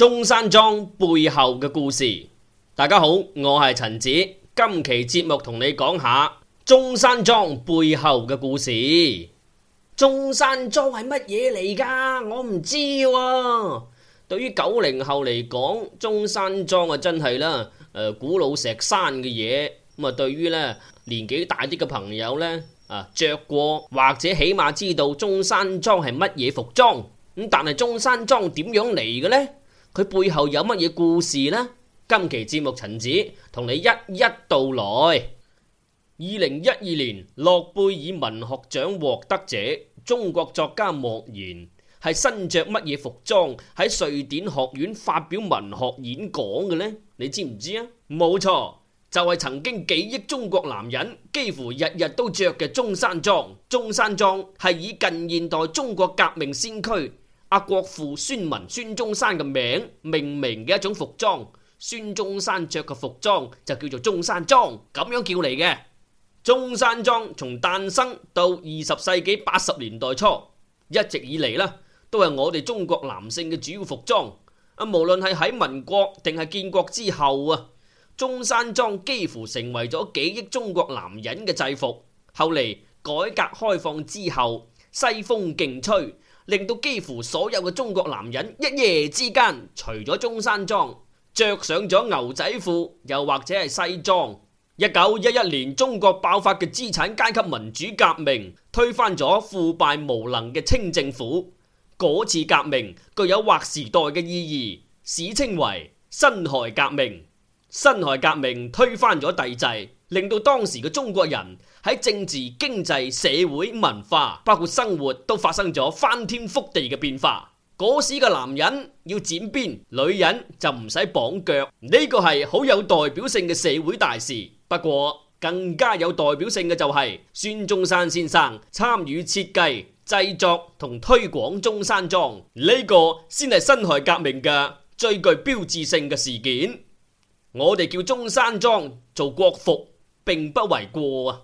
中山裝背後嘅故事，大家好，我係陳子，今期節目同你講下中山裝背後嘅故事。中山裝係乜嘢嚟噶？我唔知喎、啊。對於九零後嚟講，中山裝啊真係啦，誒古老石山嘅嘢。咁啊，對於呢年紀大啲嘅朋友呢，啊着過或者起碼知道中山裝係乜嘢服裝。咁但係中山裝點樣嚟嘅呢？佢背後有乜嘢故事呢？今期節目陳子同你一一道來。二零一二年諾貝爾文學獎獲得者中國作家莫言係身着乜嘢服裝喺瑞典學院發表文學演講嘅呢？你知唔知啊？冇錯，就係曾經幾億中國男人幾乎日日都着嘅中山裝。中山裝係以近現代中國革命先驅。阿國父孫文、孫中山嘅名命名嘅一種服裝，孫中山着嘅服裝就叫做中山裝，咁樣叫嚟嘅。中山裝從誕生到二十世紀八十年代初，一直以嚟呢，都係我哋中國男性嘅主要服裝。啊，無論係喺民國定係建國之後啊，中山裝幾乎成為咗幾億中國男人嘅制服。後嚟改革開放之後，西風勁吹，令到幾乎所有嘅中國男人一夜之間，除咗中山裝，着上咗牛仔褲，又或者係西裝。一九一一年中國爆發嘅資產階級民主革命，推翻咗腐敗無能嘅清政府。嗰次革命具有劃時代嘅意義，史稱為辛亥革命。辛亥革命推翻咗帝制。令到當時嘅中國人喺政治、經濟、社會、文化，包括生活，都發生咗翻天覆地嘅變化。嗰時嘅男人要剪辮，女人就唔使綁腳。呢個係好有代表性嘅社會大事。不過更加有代表性嘅就係孫中山先生參與設計、製作同推廣中山裝。呢個先係辛亥革命嘅最具標誌性嘅事件。我哋叫中山裝做國服，並不為過啊！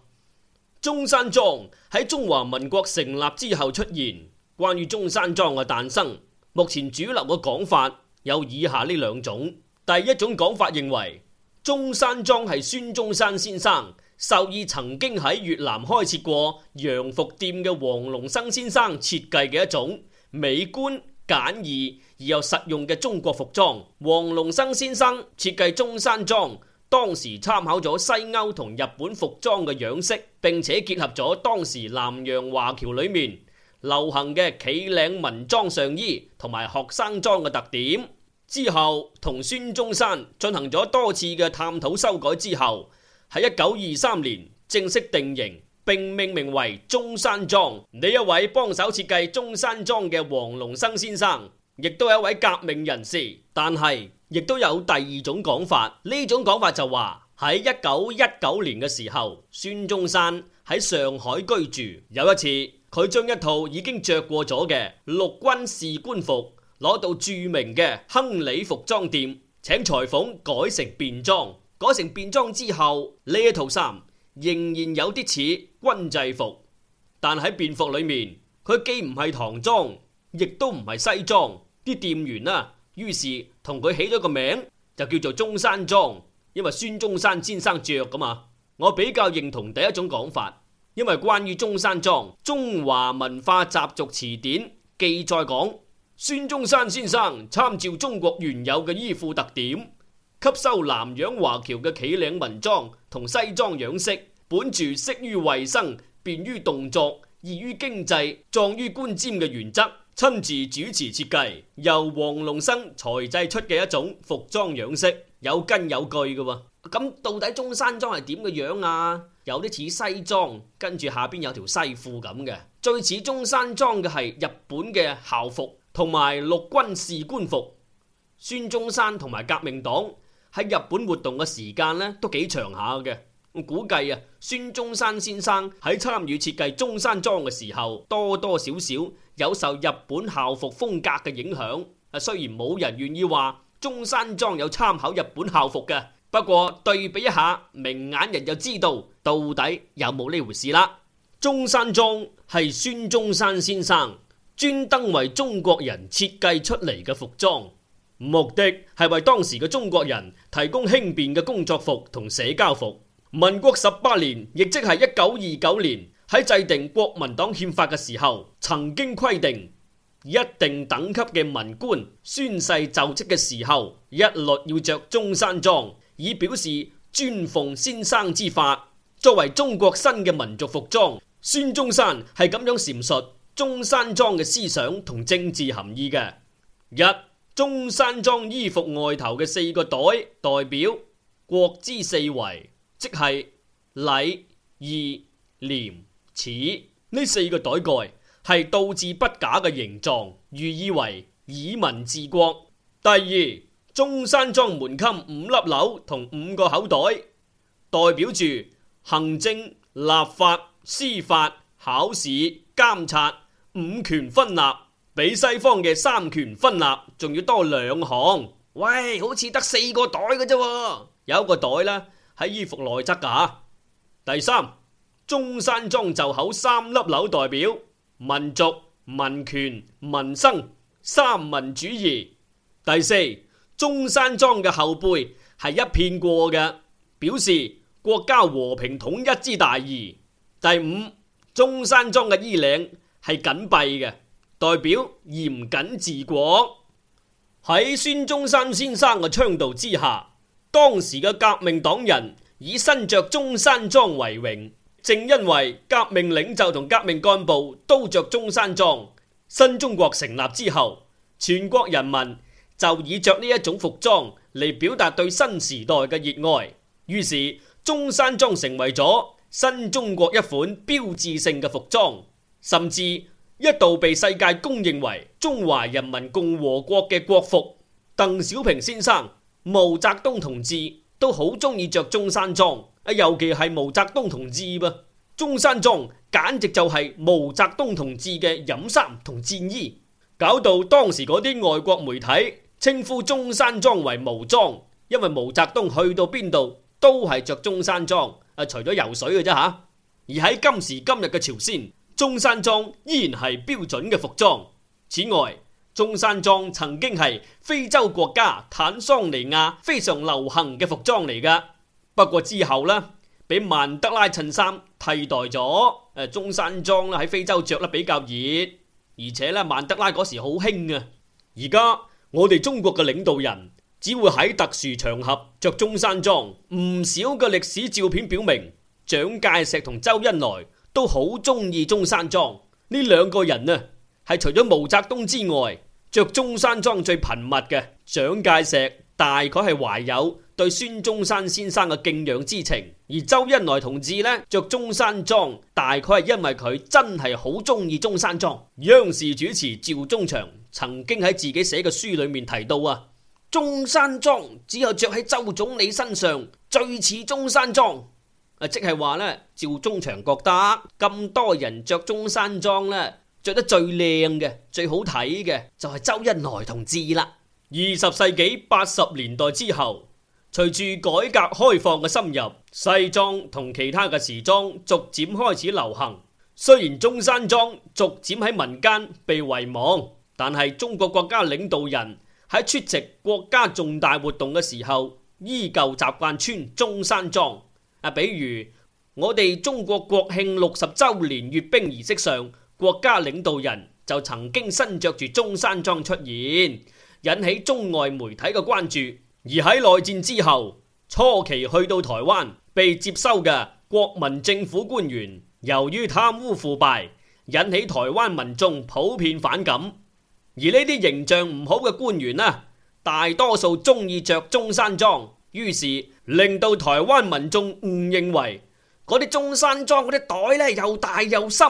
中山裝喺中華民國成立之後出現。關於中山裝嘅誕生，目前主流嘅講法有以下呢兩種：第一種講法認為，中山裝係孫中山先生授意曾經喺越南開設過洋服店嘅黃龍生先生設計嘅一種美觀簡易而又實用嘅中國服裝。黃龍生先生設計中山裝。當時參考咗西歐同日本服裝嘅樣式，並且結合咗當時南洋華僑裏面流行嘅企領文裝上衣同埋學生裝嘅特點，之後同孫中山進行咗多次嘅探討修改之後，喺一九二三年正式定型，並命名為中山裝。呢一位幫手設計中山裝嘅黃龍生先生，亦都係一位革命人士，但係。亦都有第二種講法，呢種講法就話喺一九一九年嘅時候，孫中山喺上海居住。有一次，佢將一套已經着過咗嘅陸軍士官服攞到著名嘅亨利服裝店，請裁縫改成便裝。改成便裝之後，呢一套衫仍然有啲似軍制服，但喺便服裏面，佢既唔係唐裝，亦都唔係西裝。啲店員啊，於是。同佢起咗個名，就叫做中山裝，因為孫中山先生着噶嘛。我比較認同第一種講法，因為關於中山裝，《中華文化習俗辭典》記載講，孫中山先生參照中國原有嘅衣褲特點，吸收南洋華僑嘅企領文裝同西裝樣式，本住適於衛生、便於動作、易於經濟、壯於觀瞻嘅原則。親自主持設計，由黃龍生裁製出嘅一種服裝樣式，有根有據嘅。咁到底中山裝係點嘅樣啊？有啲似西裝，跟住下邊有條西褲咁嘅。最似中山裝嘅係日本嘅校服，同埋陸軍士官服。孫中山同埋革命黨喺日本活動嘅時間呢，都幾長下嘅。我估計啊，孫中山先生喺參與設計中山裝嘅時候，多多少少。有受日本校服風格嘅影響，雖然冇人願意話中山裝有參考日本校服嘅，不過對比一下，明眼人就知道到底有冇呢回事啦。中山裝係孫中山先生專登為中國人設計出嚟嘅服裝，目的係為當時嘅中國人提供輕便嘅工作服同社交服。民國十八年，亦即係一九二九年。喺制定國民黨憲法嘅時候，曾經規定一定等級嘅文官宣誓就職嘅時候，一律要着中山裝，以表示尊奉先生之法。作為中國新嘅民族服裝，孫中山係咁樣闡述中山裝嘅思想同政治含義嘅。一，中山裝衣服外頭嘅四個袋代表國之四維，即係禮、義、廉、此呢四個袋，蓋係倒置不假嘅形狀，寓意為以民治國。第二，中山裝門襟五粒鈕，同五個口袋，代表住行政、立法、司法、考試、監察五權分立，比西方嘅三權分立仲要多兩項。喂，好似得四個袋嘅啫，有一個袋呢，喺衣服內側噶。第三。中山裝袖口三粒紐，代表民族、民權、民權、民生三民主義。第四，中山裝嘅後背係一片過嘅，表示國家和平統一之大義。第五，中山裝嘅衣領係緊閉嘅，代表嚴謹治國。喺孫中山先生嘅倡導之下，當時嘅革命黨人以身着中山裝為榮。正因為革命領袖同革命幹部都着中山裝，新中國成立之後，全國人民就以着呢一種服裝嚟表達對新時代嘅熱愛。於是中山裝成為咗新中國一款標誌性嘅服裝，甚至一度被世界公認為中華人民共和國嘅國服。鄧小平先生、毛澤東同志都好中意着中山裝。尤其係毛澤東同志噃，中山裝簡直就係毛澤東同志嘅飲衫同戰衣，搞到當時嗰啲外國媒體稱呼中山裝為毛裝，因為毛澤東去到邊度都係着中山裝，啊，除咗游水嘅啫吓。而喺今時今日嘅朝鮮，中山裝依然係標準嘅服裝。此外，中山裝曾經係非洲國家坦桑尼亞非常流行嘅服裝嚟噶。不過之後咧，俾曼德拉襯衫替代咗誒中山裝啦，喺非洲着得比較熱，而且咧曼德拉嗰時好興啊。而家我哋中國嘅領導人只會喺特殊場合着中山裝。唔少嘅歷史照片表明，蔣介石同周恩來都好中意中山裝。呢兩個人啊，係除咗毛澤東之外，着中山裝最頻密嘅。蔣介石大概係懷有。對孫中山先生嘅敬仰之情，而周恩來同志呢，着中山裝，大概係因為佢真係好中意中山裝。央視主持趙忠祥曾經喺自己寫嘅書裏面提到啊，中山裝只有着喺周總理身上最似中山裝，啊即係話呢，趙忠祥覺得咁多人着中山裝呢，着得最靚嘅，最好睇嘅就係周恩來同志啦。二十世紀八十年代之後，隨住改革開放嘅深入，西裝同其他嘅時裝逐漸開始流行。雖然中山裝逐漸喺民間被遺忘，但係中國國家領導人喺出席國家重大活動嘅時候，依舊習慣穿中山裝。啊，比如我哋中國國慶六十周年閱兵儀式上，國家領導人就曾經身着住中山裝出現，引起中外媒體嘅關注。而喺內戰之後初期去到台灣被接收嘅國民政府官員，由於貪污腐敗，引起台灣民眾普遍反感。而呢啲形象唔好嘅官員呢，大多數中意着中山裝，於是令到台灣民眾誤認為嗰啲中山裝嗰啲袋咧又大又深，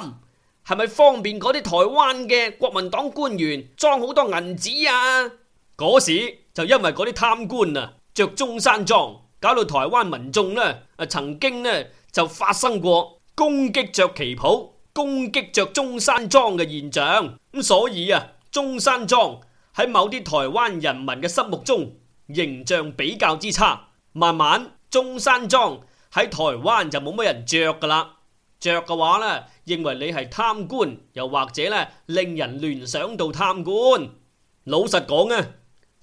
係咪方便嗰啲台灣嘅國民黨官員裝好多銀紙啊？嗰時。就因為嗰啲貪官啊，着中山裝，搞到台灣民眾咧啊，曾經咧就發生過攻擊着旗袍、攻擊着中山裝嘅現象。咁所以啊，中山裝喺某啲台灣人民嘅心目中形象比較之差，慢慢中山裝喺台灣就冇乜人着㗎喇。着嘅話咧，認為你係貪官，又或者咧令人聯想到貪官。老實講啊。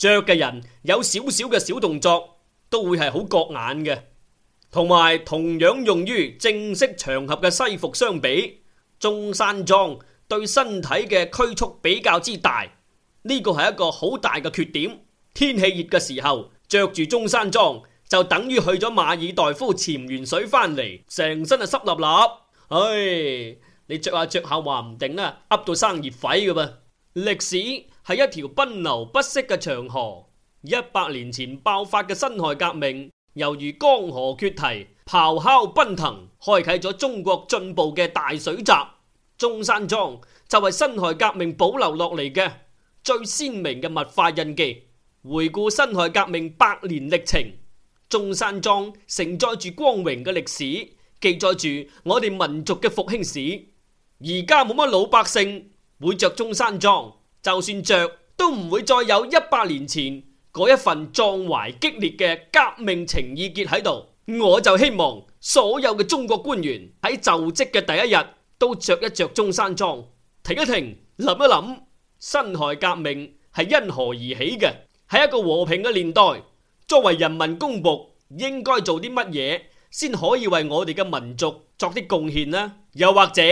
着嘅人有少少嘅小動作都會係好覺眼嘅，同埋同樣用於正式場合嘅西服相比，中山裝對身體嘅拘束比較之大，呢個係一個好大嘅缺點。天氣熱嘅時候，着住中山裝就等於去咗馬爾代夫潛完水翻嚟，成身啊濕立立，唉，你着下着下話唔定啦，噏到生熱痱嘅嘛。歷史係一條奔流不息嘅長河。一百年前爆發嘅辛亥革命，猶如江河決堤，咆哮奔騰，開啟咗中國進步嘅大水閘。中山裝就係辛亥革命保留落嚟嘅最鮮明嘅文化印記。回顧辛亥革命百年歷程，中山裝承載住光榮嘅歷史，記載住我哋民族嘅復興史。而家冇乜老百姓會着中山裝。就算着都唔會再有一百年前嗰一份壯懷激烈嘅革命情意結喺度。我就希望所有嘅中國官員喺就職嘅第一日都着一着中山裝，停一停，諗一諗辛亥革命係因何而起嘅？喺一個和平嘅年代，作為人民公僕應該做啲乜嘢先可以為我哋嘅民族作啲貢獻呢？又或者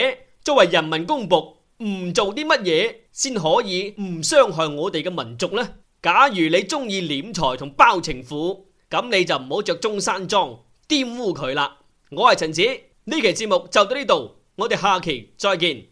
作為人民公僕唔做啲乜嘢？先可以唔傷害我哋嘅民族呢？假如你鍾意斂財同包情婦，咁你就唔好着中山裝玷污佢啦。我係陳子，呢期節目就到呢度，我哋下期再見。